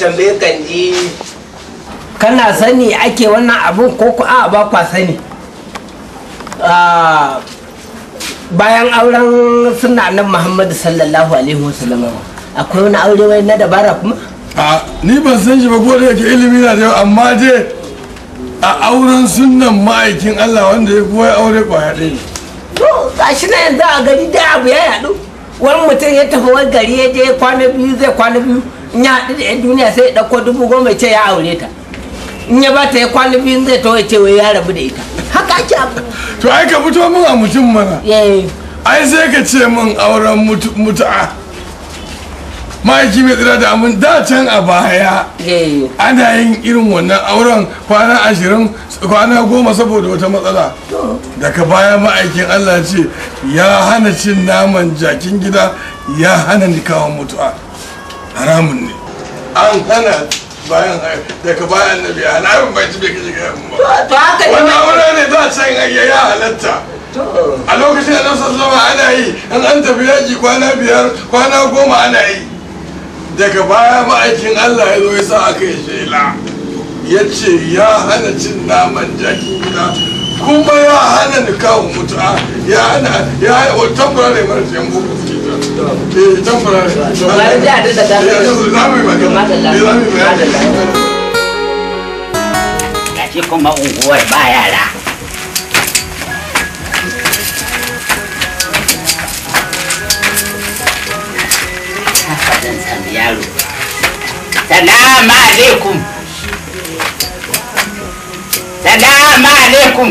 tambaye ji kana sani ake wannan abin ko ku a ba kwa sani bayan auren suna nan muhammadu sallallahu alaihi wasallam akwai wani aure wai na dabara kuma a ni ban san shi ba ko da yake ilimi na da yau amma dai a auren sunan ma'aikin allah wanda ya koya aure kwaya haɗe ne to gashi na yanzu a gari da abu ya yaɗu wani mutum ya tafi wani gari ya je kwana biyu zai kwana biyu in ya haɗu da 'yan duniya sai ya ɗauko dubu goma ce ya aure ta in ya ba ta ya kwana biyun zai to ya ce wai ya rabu da ita haka ake abu to ai ka fito min a mutum mana eh. ai sai ka ce min auren mutu'a ma'aiki mai tsira da amin da can a baya eh. ana yin irin wannan auren kwana ashirin kwana goma saboda wata matsala daga baya ma'aikin allah ce ya hana cin naman jakin gida ya hana nikawan mutu'a haramun ne an hana bayan daga bayan annabi haramun bai bai kaje ga mu to haka ne wannan aure ne da san ya ya halatta a lokacin da sallallahu zama ana yi an an tafi yaji kwana biyar kwana goma ana yi daga baya ma'aikin Allah ya zo ya sa aka yi shela ya ce ya hana cin naman jakin gida kuma ya hana nikahun mutu'a ya hana ya hana tabbara da marashin bukuku Eh, zan fara. Bayan da Salamu alaikum. Salamu alaikum.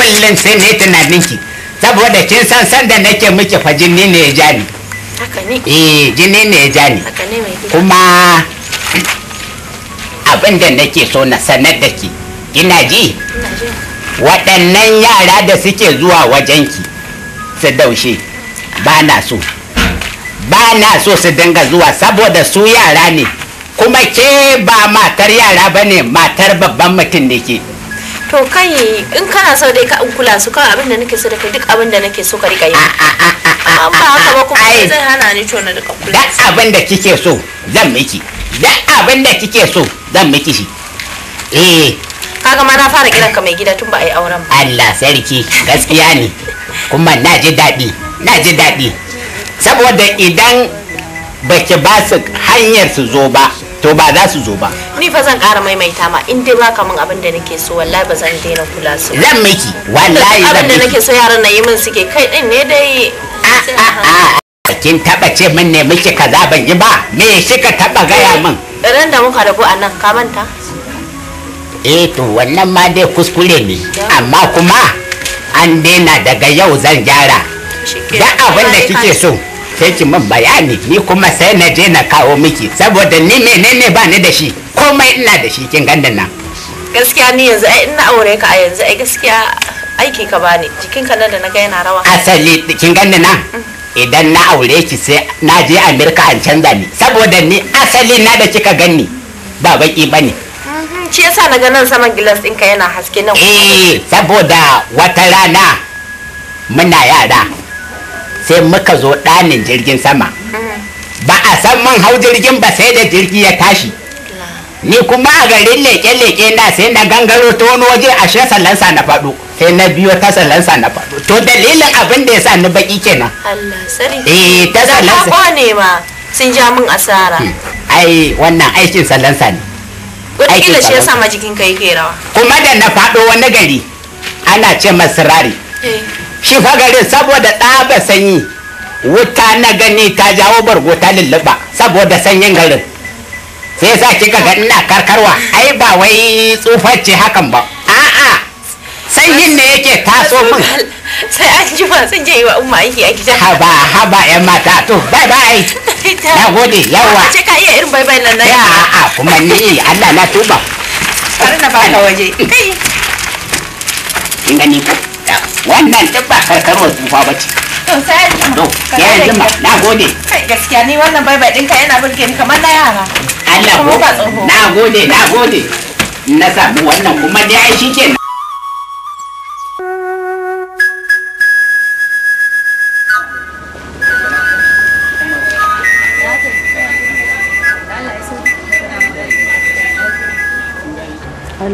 kullum sai tunanin ki saboda kin san sanda nake miki fa jini ne ya ja ni eh jini ne ya ja ni kuma abin da nake so na sanar da ki kina ji waɗannan yara da suke zuwa wajenki su daushe ba na so ba na so su dinga zuwa saboda su yara ne kuma ke ba matar yara ba ne matar babban mutum ne ke to kai in kana so dai ka in kula su kawai abin da nake so da kai duk abin da nake so ka rika yi ah, ah, ah, amma haka ba kuma zai hana ni to na duka kula da abin da kike so zan miki da abin da kike so zan miki shi eh kaga ma na fara kiran ka mai gida tun ba a yi auren ba Allah sarki gaskiya ne kuma na ji daɗi na ji daɗi saboda idan baki ba su hanyar su zo ba to ba za su zo ba ni fa zan ƙara maimaita ma in dai baka min abin da nake so wallahi ba zan daina kula su zan miki wallahi zan miki abin da nake so yaran na yi min suke kai din ne dai a a kin taba ce min ne miki kaza ban yi ba me ka taba gaya min eh, ran da muka rabu a nan ka manta eh to wannan ma dai kuskure ne amma kuma an daina daga yau zan gyara da abin da kike so sai ki min bayani ni kuma sai na je na kawo miki saboda ni menene ba ni da shi komai ina da shi kin gandan nan gaskiya ni yanzu ai ina aure ka a yanzu ai gaskiya aiki ka bani jikinka nan da na ga yana rawa asali kin gandan nan mm. idan na aure ki sai na je amerika an canza ni saboda ni asali na da kika ganni ba baki bane mm-hmm. shi yasa na nan saman gilas ɗinka yana haske nan eh saboda wata rana muna yara sai muka zo ɗanin jirgin sama ba a san man hau jirgin ba sai da jirgi ya tashi ni kuma a garin leke-leke na sai na gangaro ta wani waje a shi salansa na faɗo sai na biyo ta salansa na faɗo to dalilin abin da ya sa ni baki kenan Allah eh ta salansa ne ma sun ja min asara hmm. ai wannan aikin salansa ne wataƙila shi ya sa ma jikin kai ke rawa kuma da na faɗo wani gari ana ce masirari shi fagare saboda ɗaba sanyi wuta na gani ta jawo bargo ta lulluɓa saboda sanyin garin sai sa kika ga ina karkarwa ai ba wai tsufacce hakan ba a'a sanyin ne yake taso min sai an ji ma sun je yi wa umma aiki a gida haba haba yan mata to bai bai na gode yawa ce ka iya irin bai bai nan na ya a'a kuma ni Allah na tuba kar na ba ka waje kai ingani ka wannan duk ba karkarwar tufa ba ce to na gode kai ni wannan ɗinka yana burge ni kamar na yara Allah ko na gode na gode na samu wannan kuma dai shi kenan.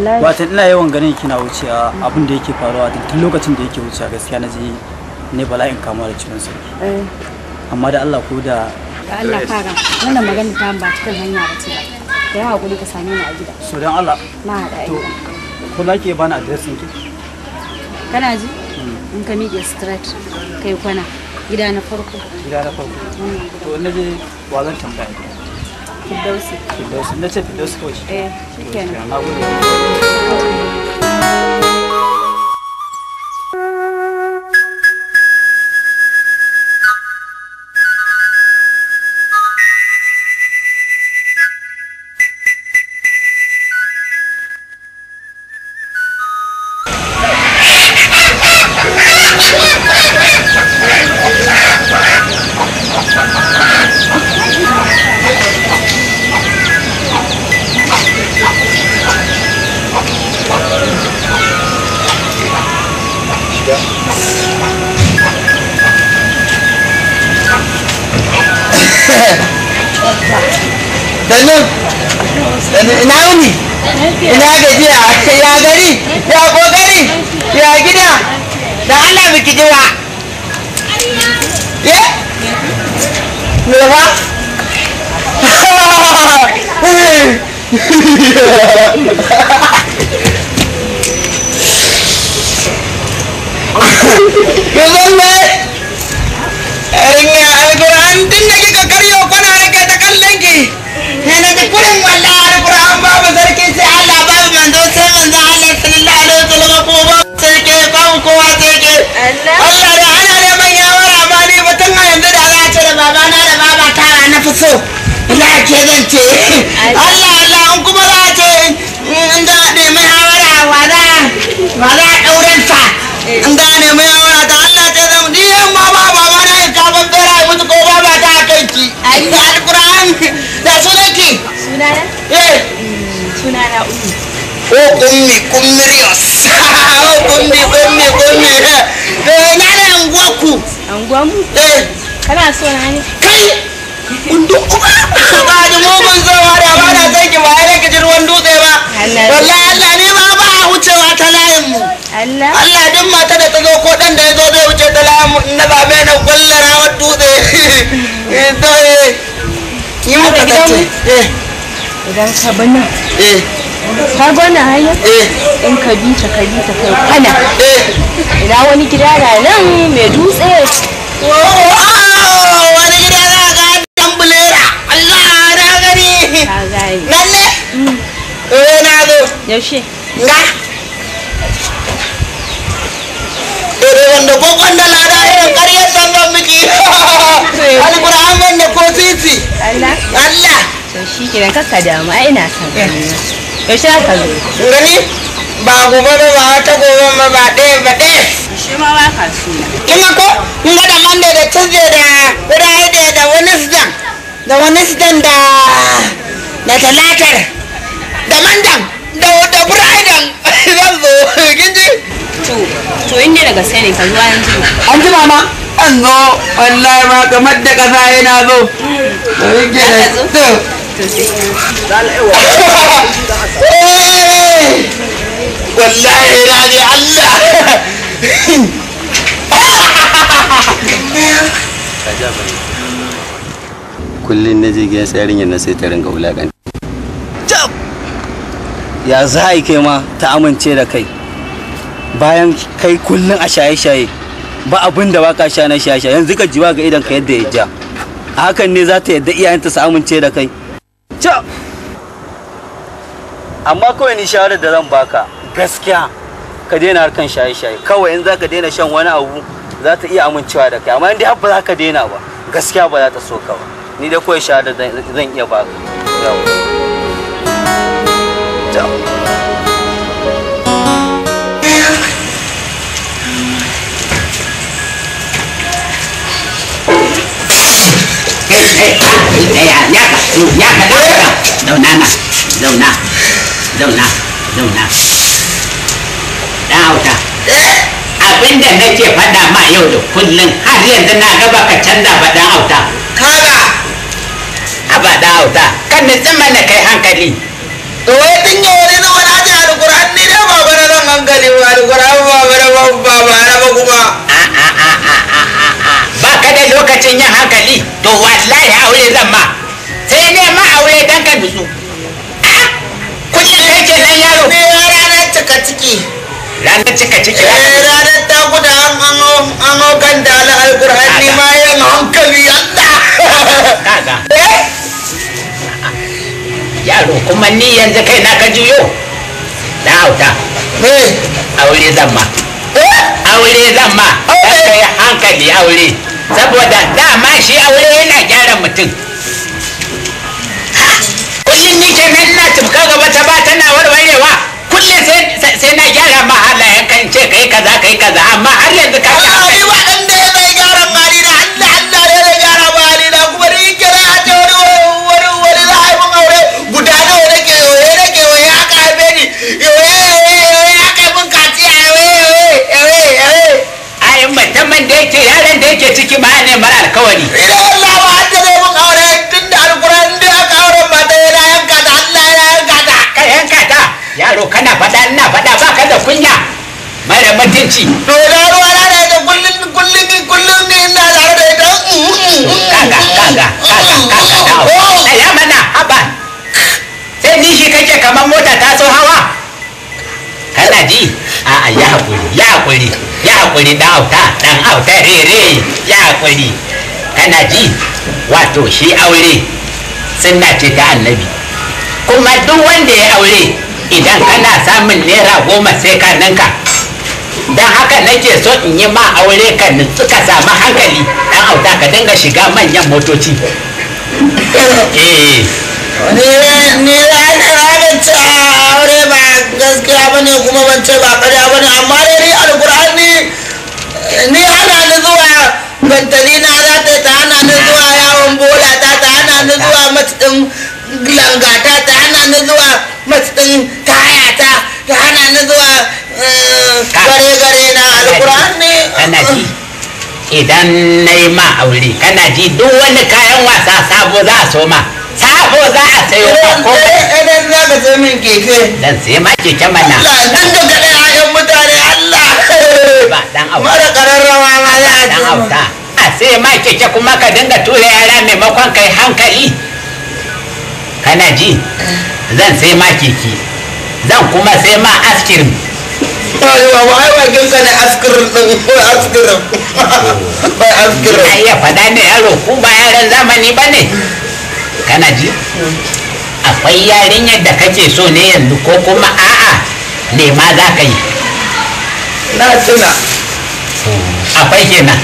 wallahi watan ina yawan ganin kina wucewa abin da yake faruwa tun lokacin da yake wucewa gaskiya na je ne bala'in kama da ciwon sarki eh. amma da Allah ko da Allah eh. fara wannan magana ta ba cikin hanya ba ce da yawa guri ka same ni a gida so dan Allah na haɗa to ko za ki bani adresin ki kana ji hmm. in ka miƙe straight kai kwana gida na farko gida na farko hmm. to na je wazan tambaya Those. Let's ce Fidausi kawai. Eh, shi kenan. Na gode. Yanzu yarinya alkur'an tun da kika karyo kuna rike ta kallon ki. Yana da kurin walla alkur'an babu sarki sai Allah babu manzo sai manzo Allah ba sai Allah da ana neman yawara mutum a yanzu da za da babana da babata na fi so. ke zan ce Allah Allah in kuma za a ce in hawara wa za ɗauren sa in hawara ta Allah ce zan ni yan ma ba ba ba na yin kafin bera mutu ko ba ki da da sunan ki sunana sunana ne anguwa ku anguwa mu eh. kana so na ne kai Allah duk mata da ta zo ko dan da ya zo zai wuce ta lamu na ba na gwallara wa dutse eh, eh. Eh. idan ka bana eh ka in ka bi ta ka bi ta kai kana ina wani gida da nan mai dutse oh, oh, oh. yaushe ga irin wanda kokon da lada irin karyar sangan miki alkur'an ban da ko titi allah allah to shi kiran kakka damu ai ina son yaushe za ka zo gani ba gobe ba ba ta gobe ba ba ɗaya ba ɗaya shi ma ba ka suna kin ga ko kin ga da monday da tuesday da friday da wednesday da wani wednesday da da talatar da mandan da da buraidan zan zo kin ji to to inda daga sai ne ka zo an ji an ji ma. an zo wallahi ma kamar da kasa yana zo to wallahi na ne Allah kullum na je gidan tsarin yana sai ta ringa wulaƙanta ya za a yi kai ma ta amince da kai bayan kai kullum a shaye-shaye ba abin da baka sha na shaye-shaye yanzu ka jiwa ga idan ka yadda ya ja a hakan ne za ta yadda iyayenta su amince da kai ca amma kawai ni shawarar da zan baka gaskiya ka daina harkan shaye-shaye kawai in za ka daina shan wani abu za ta iya amincewa da kai amma in dai ba za ka daina ba gaskiya ba za ta so ka ba ni dai kawai shawarar zan iya baka ya kasu ya kaɗa zauna na zauna zauna zauna ɗan auta abinda nake faɗa ma yau da kullum har yanzu na gaba ka canza ba ɗan auta kaga haba ɗan auta kan nutsin na kai hankali wai tun yi wani na wani ajiye alkur'an ni dai ba bara nan hankali ba alkur'an ba bara ba bara ba kuma lokacin yin hankali to wallahi aure zan ma sai ne ma aure dan ka nutsu ah! kuɗin da yake nan yaro ne ranar cika ciki ranar cika ciki eh, ranar ta guda an an kan da ala alqur'ani ma yin hankali Allah kaga eh? yaro kuma ni yanzu kai na ka juyo na hauta eh? aure zan ma aure zan ma kai hankali aure saboda dama shi aure yana gyara mutum kullum ni kenan na tumka gaba ta ba tana warwarewa kullum sai na gyara ma halayen kan ce kai kaza kai kaza amma har yanzu ka ba man da yake yaran da yake ciki ma ne mara alkawari idan Allah ba an ne mun aure tun da alquran da aka aure ba da yana yanka da Allah yana yanka da ka yanka da yaro kana faɗa ina faɗa ba ka da kunya mara mutunci to da ruwa na da kullun kullun kullun ne ina da da ita kaga kaga kaga kaga da oh! ya mana haba sai ni shi kake kamar mota ta so hawa kana ji a'a ya haƙuri ya haƙuri ya haƙuri dan auta dan auta rere ya haƙuri kana ji wato shi aure sunna ce ta annabi kuma duk wanda ya aure idan kana samun naira goma sai ka ninka don haka nake so in yi ma aure ka suka samu hankali dan auta ka dinga shiga manyan motoci eh, eh. ni ranar ta aure ba gaskiya ba ne kuma ban ce ba karya ba ne amma dai ni alkur'ani ni hana ni zuwa bantalina za ta ta hana ni zuwa yawon bola ta ta hana ni zuwa matsin langata ta hana ni zuwa matsin kaya ta ta hana ni zuwa eh, gare gare na kana ji idan na yi ma aure kana ji duk wani kayan wasa sabo za a so ma sabo za a sayo ba eh, ko idan eh, eh, za ka min keke dan sai ma keke mana dan da a ayan mutane Allah ba dan auta mara kararrawa ma za a dan a sai ma keke kuma ka dinga tura yara maimakon kai hankali kana ji zan sai ma keke zan kuma sai ma askirin Ayiwa, wa ai bakin ka ne askirin ko askirin. Ko askirin. ne yaro, ku ba yaran zamani ba ne. kana ji akwai yarinyar da kake so ne yanzu ko kuma a'a ne ma za ka yi na tuna akwai kenan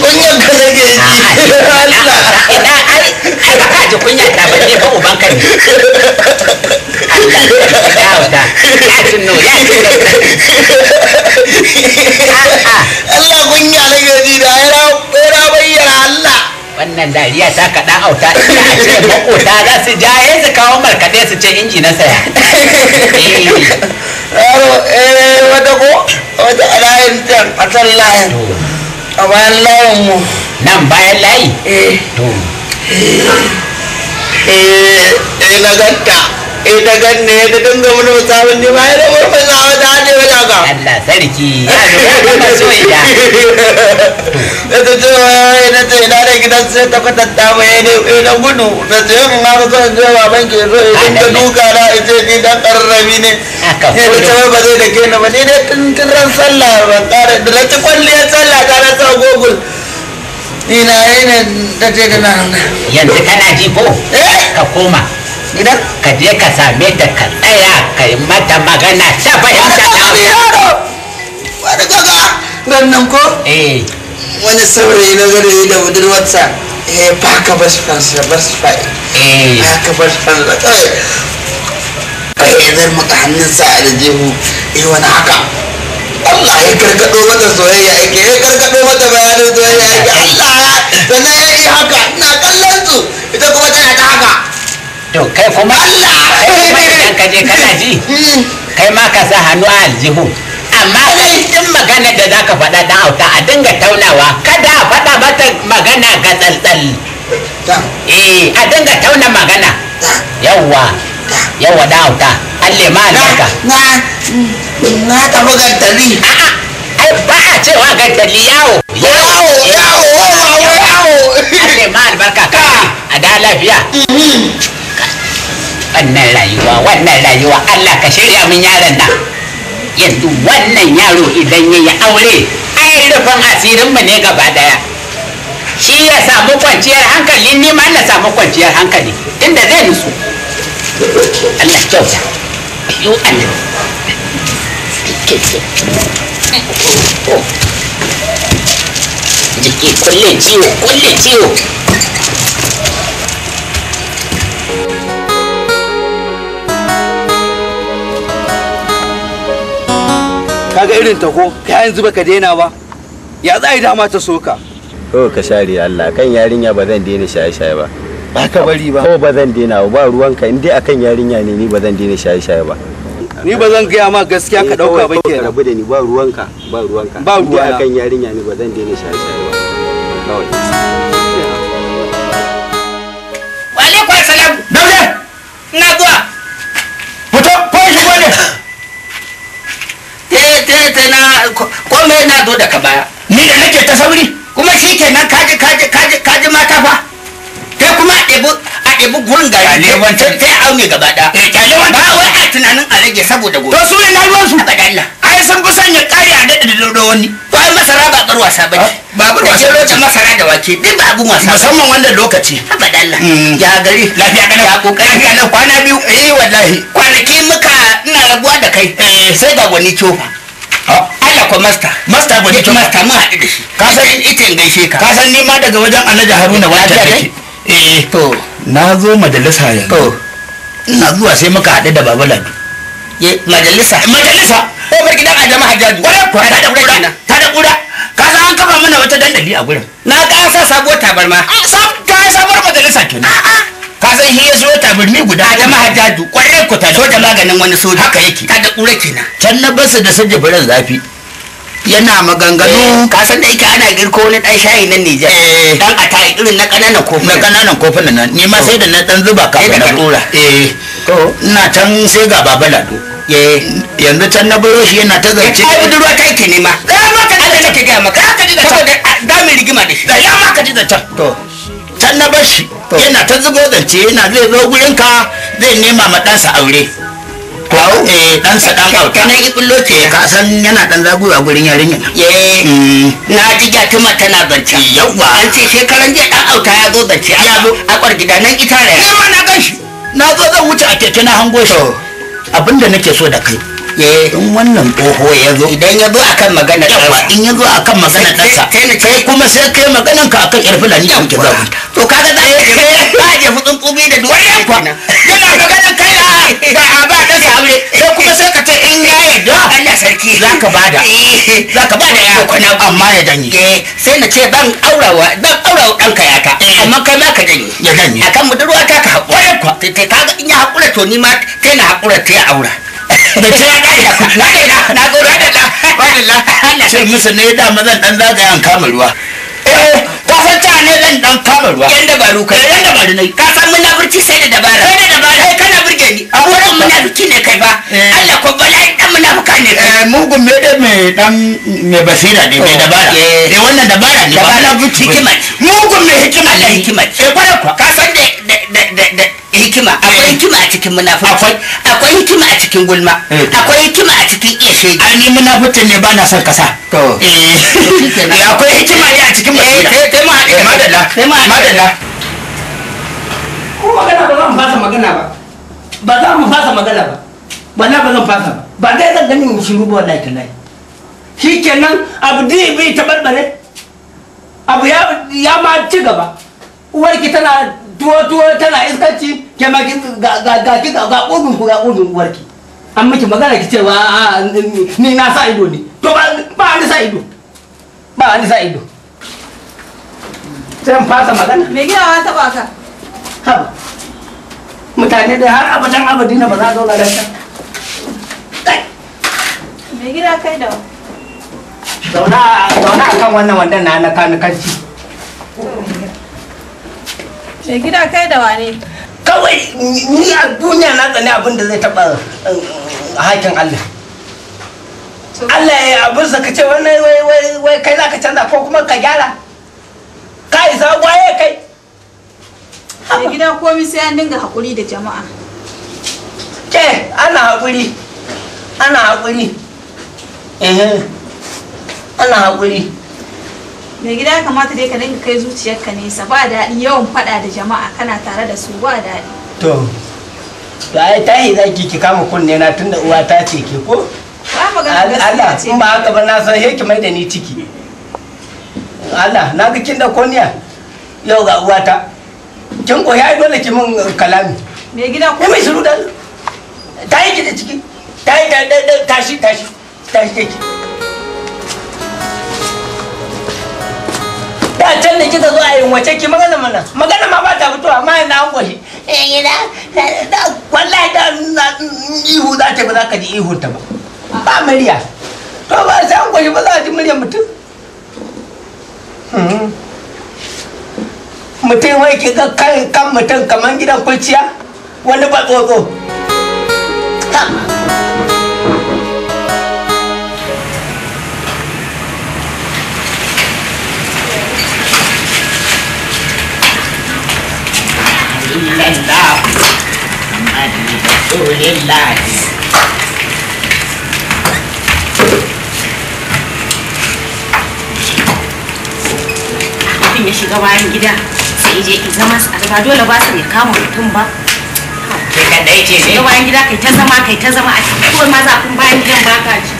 kunyar ka nake ji ina ai ai ba ka ji kunya ta ba ne ba uban ka ne Allah ya tuno ya tuno Allah kunya nake ji da ya bayyana Allah wannan dariya ta kaɗa auta ina a ce makota za su jaye eh, su kawo markaɗe su ce inji na saya yaro eh wata ko wata alayin can layin a bayan layin mu nan bayan layi eh eh, eh na ganta ita ya ta dinga wani musamman ne ba ya da murfin sawa ta haɗe wa daga Allah sarki ya da murfin so ita da ta ce wa yayi na ce ina da gidan sai ta ta ma eh, ya ne gudu da ce yin ma so in je wa banki ya dinga duka na in ce ni dan ƙarrami ne ne ta ce ba zai da ke ni ba ni dai tuntun ran sallah ban da na ci kwalliyar sallah ta na sa gogul. ina ne da ce da nan yanzu kana ji ko eh? ka koma idan ka je ka same ta ka tsaya ka yi mata magana ta fahimta ta yaro wani gaga rannan ko eh wani saurayi na gari da budurwarsa eh ba ka bar su fansa bar su fa'i eh ba ka bar su fansa kawai kai ya zar maka hannunsa a da jehu eh wani haka Allah ya karkado mata soyayya yake ya karkado mata bayanin soyayya yake Allah sannan ya yi haka ina kallon su ita kuma tana ta haka to kai kuma Allah ka je kana ji mm. kai ma ka sa hannu a aljihu amma kai magana da za ka faɗa dan auta a dinga taunawa kada a faɗa mata magana ga tsaltsal eh a dinga tauna magana yawwa yawwa dan auta Allah ma albarka na na ta buga tari ai ba a cewa ga tali yawo yawo eh, yawo yawo yawo Allah ma albarka ka a da lafiya mm-hmm. wannan rayuwa wannan rayuwa Allah ka shirya min yaron nan yanzu wannan yaro idan ya yi aure ai rufin asirin mu ne gaba daya shi ya samu kwanciyar hankali ni ma na samu kwanciyar hankali inda zai nutsu Allah kyauta yo Allah jiki kulle ciwo kulle ciwo kaga irin ta ko ka yanzu baka daina ba ya za yi dama ta soka ko ka share Allah kan yarinya ba zan daina shaye-shaye ba ba ka bari ba ko ba zan daina ba ruwan ka dai akan yarinya ne ni ba zan daina shaye-shaye ba ni ba zan gaya ma gaskiya ka dauka eh, ba ke rabu da ni ba ruwan ka, ba ruwan ka. ba ruwan akan yarinya ne ba zan daina shaye-shaye ba kawai zo daga baya ni da nake ta sauri kuma shi kenan kaji kaji kaji kaji mata fa kai kuma a ɗebi a ɗebi gurin gari kai a aune gaba ɗaya eh, ba wai a tunanin a rage saboda gobe to su ne na ruwan Allah. ai sun fi sanya ƙari a dade da wani ba masara ba bar wasa ba ah, ba bar wasa ba masara da wake duk ba abun wasa musamman wanda lokaci abada Allah mm. ya gari lafiya kana ya kokari kana kwana biyu eh wallahi kwanaki muka ina rabuwa da kai eh, sai ga gwani cofa Allah ko masta masta ba ne masta mun haɗu da shi ka san ita in gaishe ka ka san ni ma daga wajen Alhaji Haruna wata take eh to na zo majalisa yanzu to ina zuwa sai muka haɗu da Baba Ladu ye majalisa majalisa ko barki dan ajama Hajjaju wala ko ta da kura ta da kura ka san an kafa mana wata dandali a gurin na ka sa sabuwar tabarma ah, sab ka sabuwar majalisa kenan ah, ah. ka san shi ya zo tabarmi guda jama'a Hajjaju kwarai ko ta da soja maganin wani soja haka yake ta da kura kenan can na basu da sanje zafi yana maganganu eh. ka san da yake ana girko wani dan shayi nan Nijar eh. dan a ta irin na kananan kofuna na kananan kofuna nan ni ma sai da na dan zuba ka na dora eh to ina can sai ga baba lado eh. yanzu can na baro shi yana ta zance ai budurwa ta yake nema ya ma ka ji da ta ga maka ka ji da ta da mai rigima da shi ya ma ka ji da ta to can na bar shi yana ta zubo zance yana zai zo gurin ka zai nema ma dansa aure ko eh dan sa dan auta kana yi bullo ce eh, ka san yana dan zaguwa a gurin yarinya eh mm. na ji jatuma tana bacci yawa an ce shekaran jiya dan auta ya zo bacci ya zo a kwar gida nan ita ne ma na ganshi na zo zan wuce a keke na hango shi abinda nake so da kai Eh. in wannan tsoho ya zo idan ya zo akan magana yawa in ya zo akan magana ɗansa kai kuma sai kai magana ka akan yar fulani da kuke zaku to kaga za ka kai ba je futsun kubi da duwa yana magana kai da a ba da sabre sai kuma sai ka ce in ya yarda Allah sarki za ka bada eh. za ka bada ya kwana amma ya danyi eh. sai na ce ban aurawa ban aurawa ɗanka yata amma kai ma ka danyi ya danyi akan budurwa ta ka haƙura kai ka ga in ya haƙura to ni ma kai na haƙura ta ya aura da ce na kaina na gora da da wadalla ce musu ne da ma zan dan zagaya an kama ruwa eh ka san ta ne zan dan kama ruwa yan dabaru kai eh, yan dabaru ne ka san munafurci sai da dabara sai da dabara kai eh, kana rike ni abubuwan eh. ko eh, da eh. ne ne akwai hikima a cikin a gulma akwai hikima a cikin iya shege ai ni munafikin ne ba na son kasa to eh akwai hikima ne a cikin basira eh kai ma madalla madalla ko magana ba zan ba magana ba ba za mu fasa magana ba wallahi ba zan fasa ba dai zan gani mu shiru ba wallahi tallahi kenan abu dai bai tabarbare abu ya ya ma ci gaba uwar ki tana tuwo tuwo tana iskanci ke ma ki ga ga ki ga ƙudun ku ga ƙudun uwar ki an miki magana ki cewa ni na sa ido ne to ba ni sa ido ba ni sa ido sai fasa magana me gida wa taba ka haba mutane da har abadan abadina ba za zo zauna lafiya me gida kai da zauna zauna kan wannan wandan na na kanu kanci me gida kai da wane kawai ni a duniya na tsani abin da zai taba um, hakin Allah Allah ya abin sa ka ce wai wai wai kai za ka canza ko kuma ka gyara kai za waye kai mai gida komi sai an dinga haƙuri da jama'a eh ana haƙuri ana haƙuri eh ana haƙuri mai gida kamata dai ka dinga kai zuciyarka nesa ba daɗi yawan faɗa da jama'a kana tare da su ba daɗi to to ai tahi zaki ki kama kunne na tunda uwa ta ce ke ko ba magana Allah in ba haka ba na san he ki mai da ni ciki Allah na ga kin da kunya yau ga uwata jango ya yi dole ki min uh, kalami me gida ko mai shiru da ta yi gida ciki ta yi tashi tashi tashi take da can da kika zo a yin wace ki magana mana magana ma ba ta fito amma yanzu an shi eh gida wallahi da ihu za ta ba za ka ji ihun ta ba ba murya to ba sai an goshi ba za a ji mutum hmm. mutum wai ki ga kan kan mutum kamar gidan kulciya wani ba tsotso Lillahi mutum ya shiga bayan gida ce a ba dole ba su ya ce kai ta zama kai ta zama a cikin kuma maza kun bayan gidan ba ka ji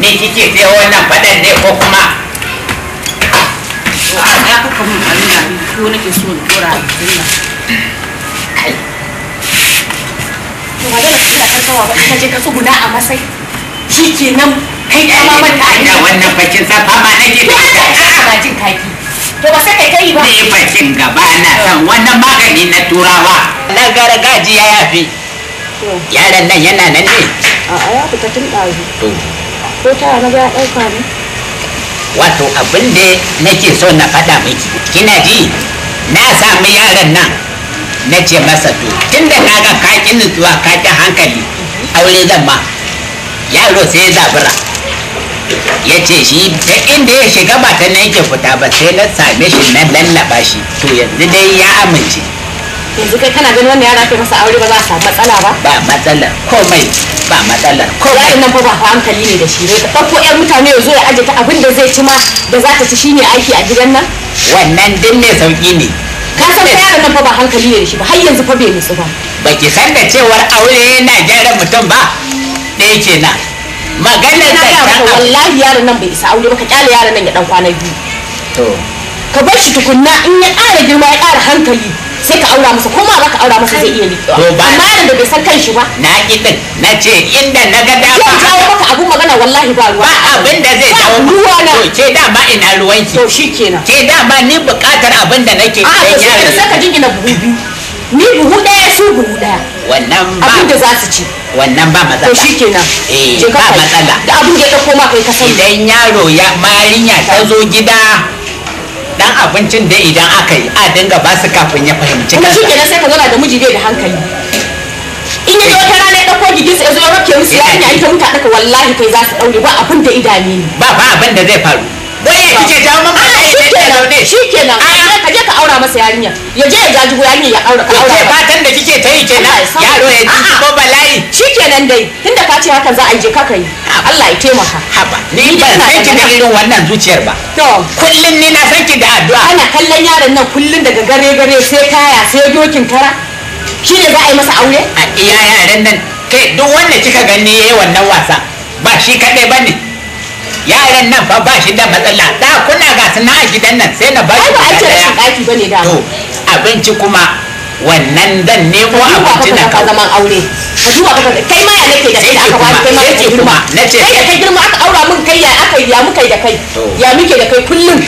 ne kike sai wannan fadan ne ko kuma ko nake so a to ba dole kina karkawa ba je ka a masai shikenan kai ka a wannan bakin safa ma nake da ba jin kaki to ba sai kai kai ba ne bakin gaba na san wannan magani na turawa na gargajiya ya fi yaran nan yana nan ne a'a ya fita tun ɗazu ko ta na ga dauka ɗauka ne wato abin da nake so na fada miki kina ji na sami yaran nan na ce masa to tunda na ga ka ki nutsuwa ka ta hankali aure zan ma yaro sai ya zabura ya ce shi ta inda ya shiga ba ta na yake fita ba sai na same shi na lallaba shi to yanzu dai ya amince yanzu kai kana ganin wanda ya rafe masa aure ba za a samu matsala ba ba matsala komai ba matsala komai nan fa ba hankali ne da shi ne ka ɗauko 'yan mutane ya zo ya ajiye ta abin da zai ci ma da za ta ci shine aiki a gidan nan wannan din ne sauki ne ka san fa yaron nan fa ba hankali ne da shi ba har yanzu fa bai nutsu ba baki san da cewar aure yana gyara mutum ba ɗaya kenan magana da ya wallahi yaron nan bai isa aure ba ka kyale yaron nan ya dan kwana biyu to ka bar shi tukunna in ya ƙara girma ya ƙara hankali sai ka aura masa koma ba ka aura masa zai iya liƙewa amma yaron da bai san kan shi ba na idin na ce inda na ga dama zai jawo maka abun magana wallahi ba ruwa ba abin da zai jawo ruwa na to da ba ina ruwanki to shikenan ke ba ni buƙatar abin da nake a to sai ka jingina buhu biyu ni buhu ɗaya su buhu ɗaya wannan ba abinda za su ci wannan ba matsala to shikenan eh ba matsala da abin da ya dauko ma kai ka sani idan yaro ya marinya ta zo gida dan abincin da idan aka yi a dinga ba su kafin ya fahimci kansa kuma shikenan sai ka zauna da miji bai da hankali in yi wata rana ya dauko gigin sa ya zo ya roke musu ya yi ta mutane ka wallahi kai za su daure ba abin da idani ba ba abin da zai faru ita ke jawo maka a shi kenan shi kenan ka je ka aura masa yarinya ya je ya jajigo yarinya ya aura ka aura ke fatan da kike ta yi kenan yaro ya ji ko bala'i shi kenan dai tunda ka ce hakan za a je kaka yi Allah ya taimaka haba ni ban san ki da irin wannan zuciyar ba to kullun ni na san ki da addu'a Kana kallon yaron nan kullun daga gare gare sai kaya sai dokin kara shi ne za a yi masa aure a iya yaran nan kai duk wanda kika gani yayi wannan wasa ba shi kadai bane yaran nan fa ba shi da matsala da kuna ga suna a gidan nan sai na ba shi ba a ce bane da to abinci kuma wannan dan nemo abinci na ka zaman aure ka duba ka kai ma ya nake da kai aka ba kai ma kake girma nace kai kai girma aka aura mun kai ya aka ya muka da kai ya muke da kai kullun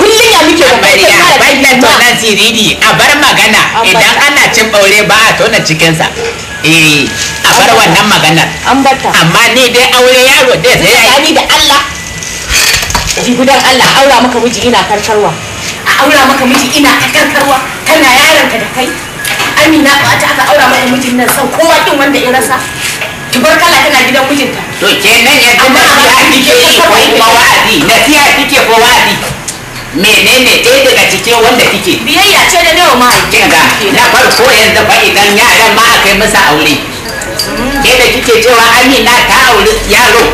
kullun ya muke da kai bai nan to nan siriri a bar magana idan ana cin baure ba a tona cikin sa eh a bar wannan maganar amma ni dai aure yaro dai sai ya yi da Allah ji gudan Allah aura maka miji ina karkarwa a aura maka miji ina karkarwa kana yaranka da kai amina ba ta aka aura maka mijin nan san kowa kin wanda ya rasa kala tana gidan mijinta to ke nan ya zama ya kike yi ko kuma wa'azi nasiha kike ko wa'adi menene ɗaya daga cikin wanda kike biyayya ce da nawa mahaifin ga na farko yanzu fa idan yaran ma aka yi masa aure ke da kike cewa amina ta auri yaro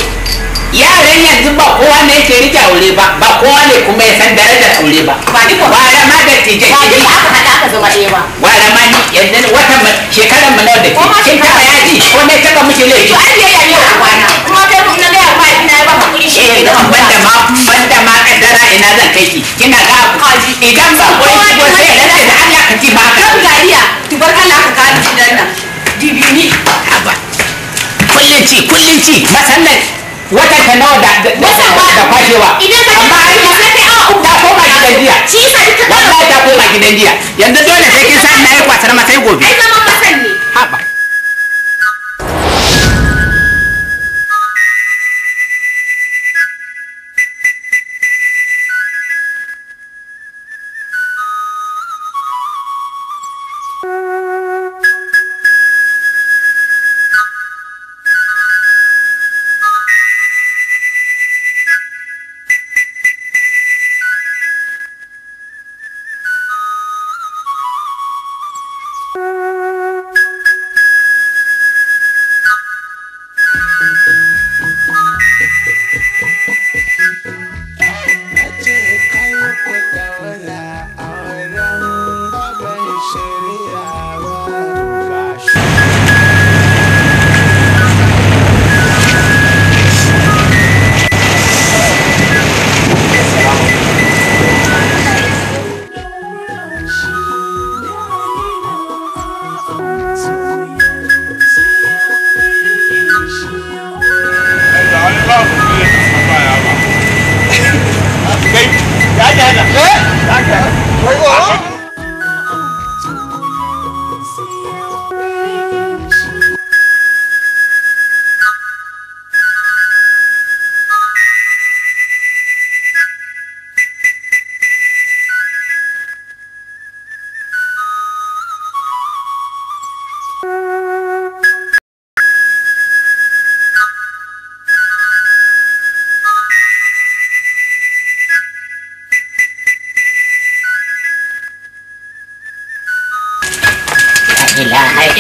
yaran yanzu ba kowa ne yake rike aure ba ba kowa ne kuma ya san darajar aure ba ba ni ma da tije ba ni aka hada aka zama ɗaya ba ba da ma ni yanzu watan shekaran mu nawa da ke kin taba yaji ko ne taba miki laifi to ai yayi ne a kwana kuma kai mun na ga ba ina ba hakuri shi ne eh, ban banda ma banda ma kaddara ina zan kai ki kina ga kaji idan ba ko ki ko sai da da Allah ka ji ba ka kan gariya tubar Allah ka kawo shi nan dibini haba kullun ci kullun ci masallan watan ta nawa da da kwashewa amma ai ba sai ta koma gidan diya shi ta wallahi ta koma gidan jiya yanzu dole sai kin san na yi kwasar sai gobe ai zaman masan ne haba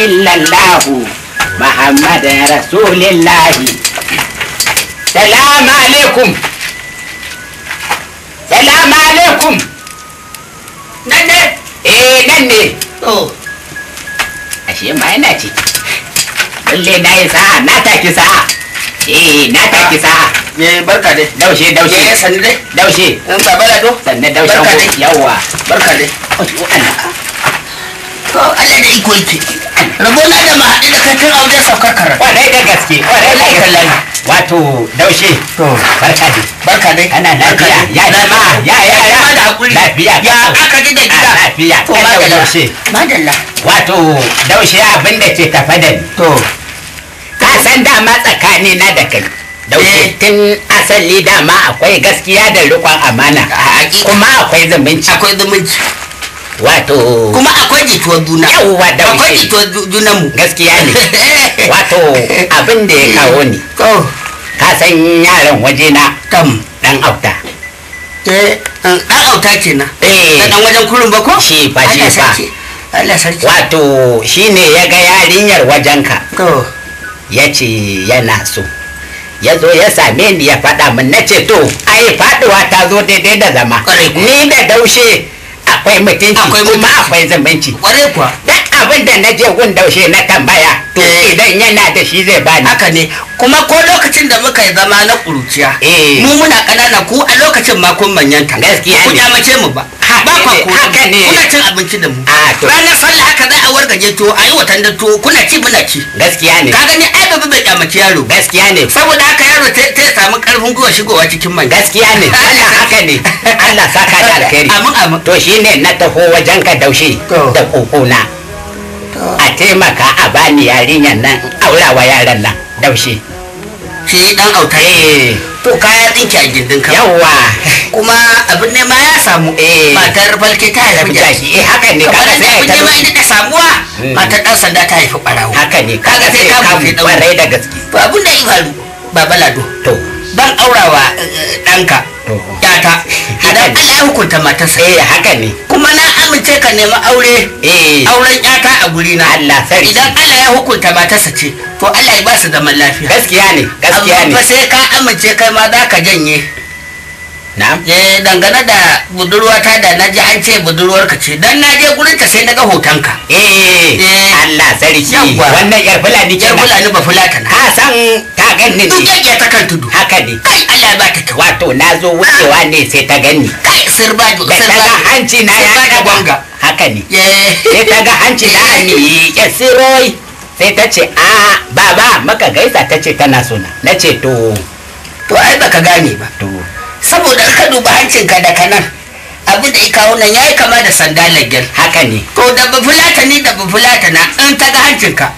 illallahu muhammadan rasulillahi salamu alaikum salamu alaikum nan ne eh nan ne ashe ma yana ciki lalle na yi sa'a na taki sa'a eh na taki sa'a me barka dai daushe daushe eh dai daushe in eh, baba da daushe barka dai to Allah iko yake Ramona da mahaɗi da kai tun aure saukar karar kwarai da gaske dai da gaske wato daushe barka dai barka dai ana lafiya ya jama ya ya ya da hakuri lafiya ya aka ji da gida lafiya to madalla daushe madalla wato daushe abin da ke tafa da ni to ka san dama tsakani na da kai Daushe eh. tun asali dama akwai gaskiya da rikon amana kuma akwai zumunci akwai zumunci wato kuma akwai jituwar juna yawwa da akwai jituwar juna mu gaskiya ne wato abin da ya kawo ni ka san yaran waje na kam dan auta eh dan auta kenan eh dan wajen kurun ba ko shi ba shi ba Allah sarki wato shine ya ga yarinyar wajen ka ya ce yana so ya zo ya same ni ya faɗa min na ce to ai faɗuwa ta zo daidai da zama ni da daushe akwai mutunci kuma akwai zumunci kware kuwa duk abin da na je gun daushe na tambaya to eh. idan yana da shi zai bani haka ne kuma ko lokacin da muka yi zama na kuruciya eh. mu muna kanana ku a lokacin ma kun ta. gaskiya ne ku kyamace mu ba ba ku haka ne kuna cin abinci da mu ah, ranar sallah haka za a wargaje to ayi yi watan da to kuna ci muna ci gaskiya ne ka gani ai ba bai kyamaci yaro gaskiya ne saboda haka yaro ta samu karfin gwiwa shigowa cikin man gaskiya ne haka ne Allah saka da alkhairi to shine na taho wajen ka daushe da kokona a taimaka a bani yarinyar nan aurawa yaran nan daushe shi dan auta eh. to kaya tsinki a gindin ka yawa kuma abin ne ma ya samu eh. matar balke ta haifi jaki eh haka ne kaga sai ta ne ma ina da samuwa hmm. matar dan sanda ta haifi barawo haka ne kaga sai ka mutu dan rai da gaske to abin da ya faru baba lado to ban aurawa danka eh, yata hadan Allah ya hukunta matarsa eh haka ne kuma na amince ka nemi aure eh auren yata a guri na Allah sarki idan Allah ya hukunta matarsa ce to Allah ya ba su zaman lafiya gaskiya ne gaskiya ne amma fa sai ka amince kai ma za ka janye na'am eh dangane da budurwata da naji an ce budurwarka ce dan naje gurin ta sai naga hotonka eh, eh Allah sarki wannan yar fulani yar fulani ba fulata na ha san ta ganni ne duk ya ta kan tudu haka ne kai Allah ba ta kyau wato nazo wucewa ne sai ta ganni kai sirba sirba da hanci na ya ga gonga haka ne eh. sai ta ga hanci na eh. ni ya siroi sai ta ce a baba maka gaisa ta ce tana sona na ce to to ai baka gane ba to duba duba ka da kanan abin da ikawo nan ya yi kama da sanda lagel haka ne to da bafulata ni da bafulata na in ta ga hancin ka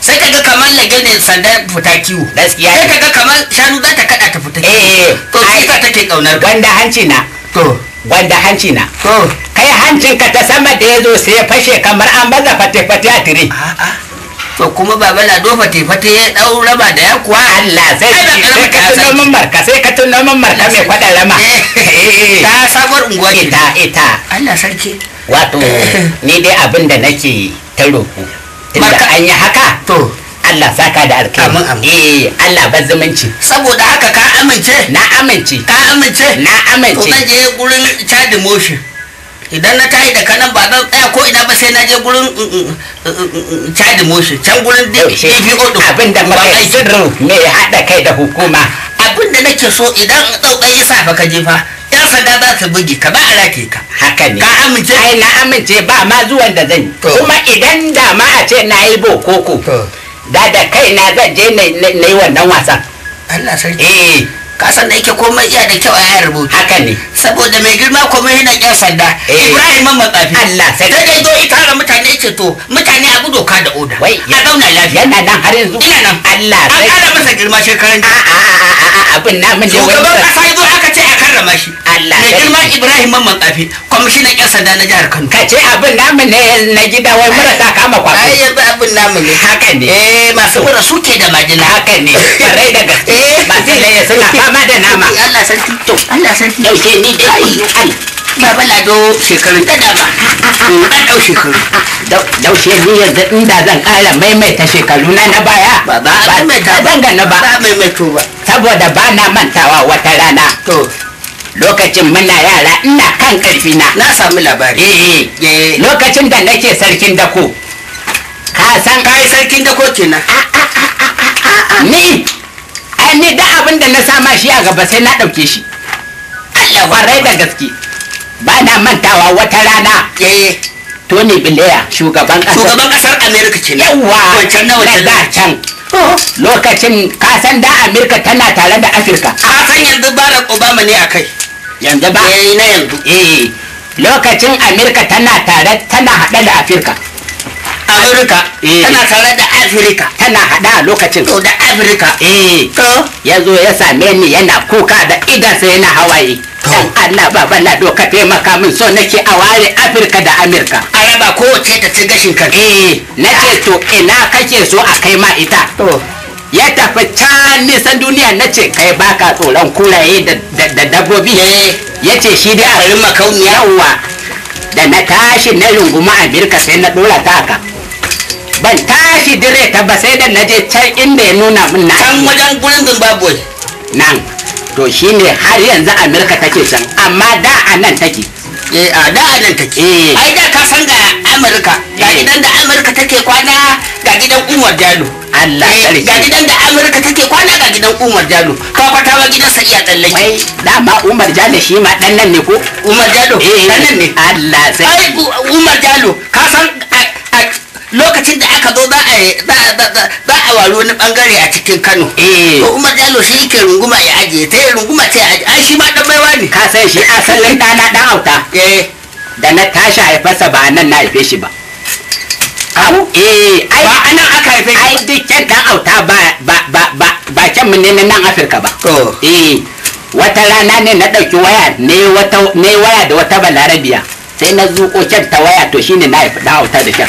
sai ka ga kamar lage ne sanda fita kiwo gaskiya sai ka ga kamar shanu za ta kada ta fita kiwo eh, to sai ka take kaunar gwanda hanci na to gwanda hanci na to kai ka ta sama da ya zo sai ya fashe kamar an baza fate-fate a tire to kuma baba dofa te fate ya dau raba da ya kuwa Allah sai sai ka tuno min marka sai ka tunan min marka mai kwada rama eh, eh, ta sabar unguwa ne ta ita Allah sarki wato ni dai abin da nake ta roƙo tunda an yi haka to Allah saka da alkhairi eh Allah ba zumunci saboda haka ka amince na amince ka amince na amince to zan je gurin chadi motion idan na tashi da kanan ba zan tsaya ko ina ba sai na je gurin mm, mm, mm, chadi motion can gurin dpo din abin da maka sirrin me ya hada kai da hukuma abin da nake so idan ɗauka isa ba ka jefa yan sanda za su bugi ka ba a rake ka haka ne ka amince ai na amince ba ma zuwan da zan yi kuma idan da ma a ce na yi bokoko da da kai na zan je na yi wannan wasan Allah sarki eh Ka san da yake komai iya da kyau a yayar rubutu haka ne saboda mai girma komai yana kyan sanda eh. ibrahim man matsafi allah sai ka dai ita ga mutane yake to mutane a gudu ka da oda wai a zauna lafiya yana nan har yanzu ina nan allah sai an kara masa girma shekaran a a a a abin namun da wani shugaban kasa yazo aka ce a karrama shi Allah ya girma Ibrahim Mamman Tsafi kwamishinan yan sanda na jihar Kano ka ce abin namu ne na gida wai ta kama kwafi ai yanzu abin namu ne haka ne eh masu mura suke da majina haka ne rai da gaske ba eh. sai laye suna fama da nama Allah san to Allah san to ni dai ai baba lado shekarun ta dama mm, an dau shekaru dau shekaru yanzu inda zan kara maimaita shekaru na na baya ba maimaita ba zan na ba ba maimaito ba saboda ba na mantawa wata rana to lokacin muna yara ina kan karfi na na samu labari eh, eh, eh. eh lokacin da nake sarkin dako ka san kai sarkin dako kenan ni ni da abin da na sama shi a gaba sai na dauke shi Allah warai da gaske ba na mantawa wata rana tony blair shugaban kasar shugaban kasar america ke yawa wancan na wancan da can lokacin kasan da america tana tare da afirka kan yanzu barack obama ne a kai yanzu ba eh na yanzu eh lokacin america tana tare tana hada da afirka Afirka. Eh. tana tare da afirka tana hada a lokacin to da afirka eh to ya zo ya same ni yana kuka da idansa yana hawaye dan allah baba na doka taimaka min so nake a ware afirka da amurka a raba ce ta ci gashin kan eh na to ina kake so a kai ma ita to ya tafi can nisan duniya na ce kai baka tsoron kuraye da dabbobi eh. ya ce shi dai a makauniya da na tashi na runguma a birka sai na dora ta ka. ban tashi dire ta ba sai da naje can inda ya nuna min na Kan wajen gurin zimbabwe nan to shine har yanzu amerika take can amma da a nan take eh a da a nan take eh ai da ka san ga amurka ga eh. gidan da amurka take kwana ga gidan umar jalo Allah eh, sarki ga gidan da amurka take kwana ga gidan umar jalo ka kwata wa gidan sa iya tsalle wai dama umar jalo shi ma dan nan ne ko umar jalo dan eh. nan ne Allah sarki ai umar jalo ka san lokacin da aka zo za a wari wani bangare a cikin kano to eh. umar jalo shi yake runguma ya ajiye ta yi runguma ce a shi ma dan baiwa ne ka san shi asalin dana dan auta eh. da na tashi haifarsa ba nan na haife shi ba Awo? Eh, nan aka haife shi. Ai duk kyan dan auta ba ba ba ba kyan mun ne nan Afirka ba. To. Eh, wata rana ne na ɗauki waya ne wata ne waya da wata balarabiya. Sai na zuƙo kyan ta waya to shine na haifi dan auta da kyan.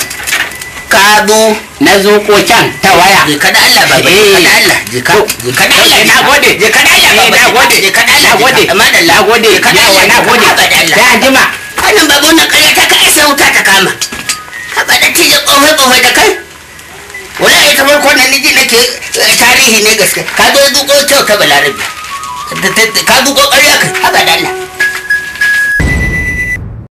kado na zo ko can ta waya je kada Allah baba je kada Allah je ka eh, je kada Allah na eh, gode je kada Allah eh, baba na gode je kada Allah na gode amana Allah gode je kada Allah na gode da jima wannan babu wannan kare ta kai sai wuta ta kama ka haba da tije kofai kofai da kai wala kamar ko nan niji nake tarihi ne gaske ka zo zuko kyau ka balarabi ka zuko ƙarya kai ba da Allah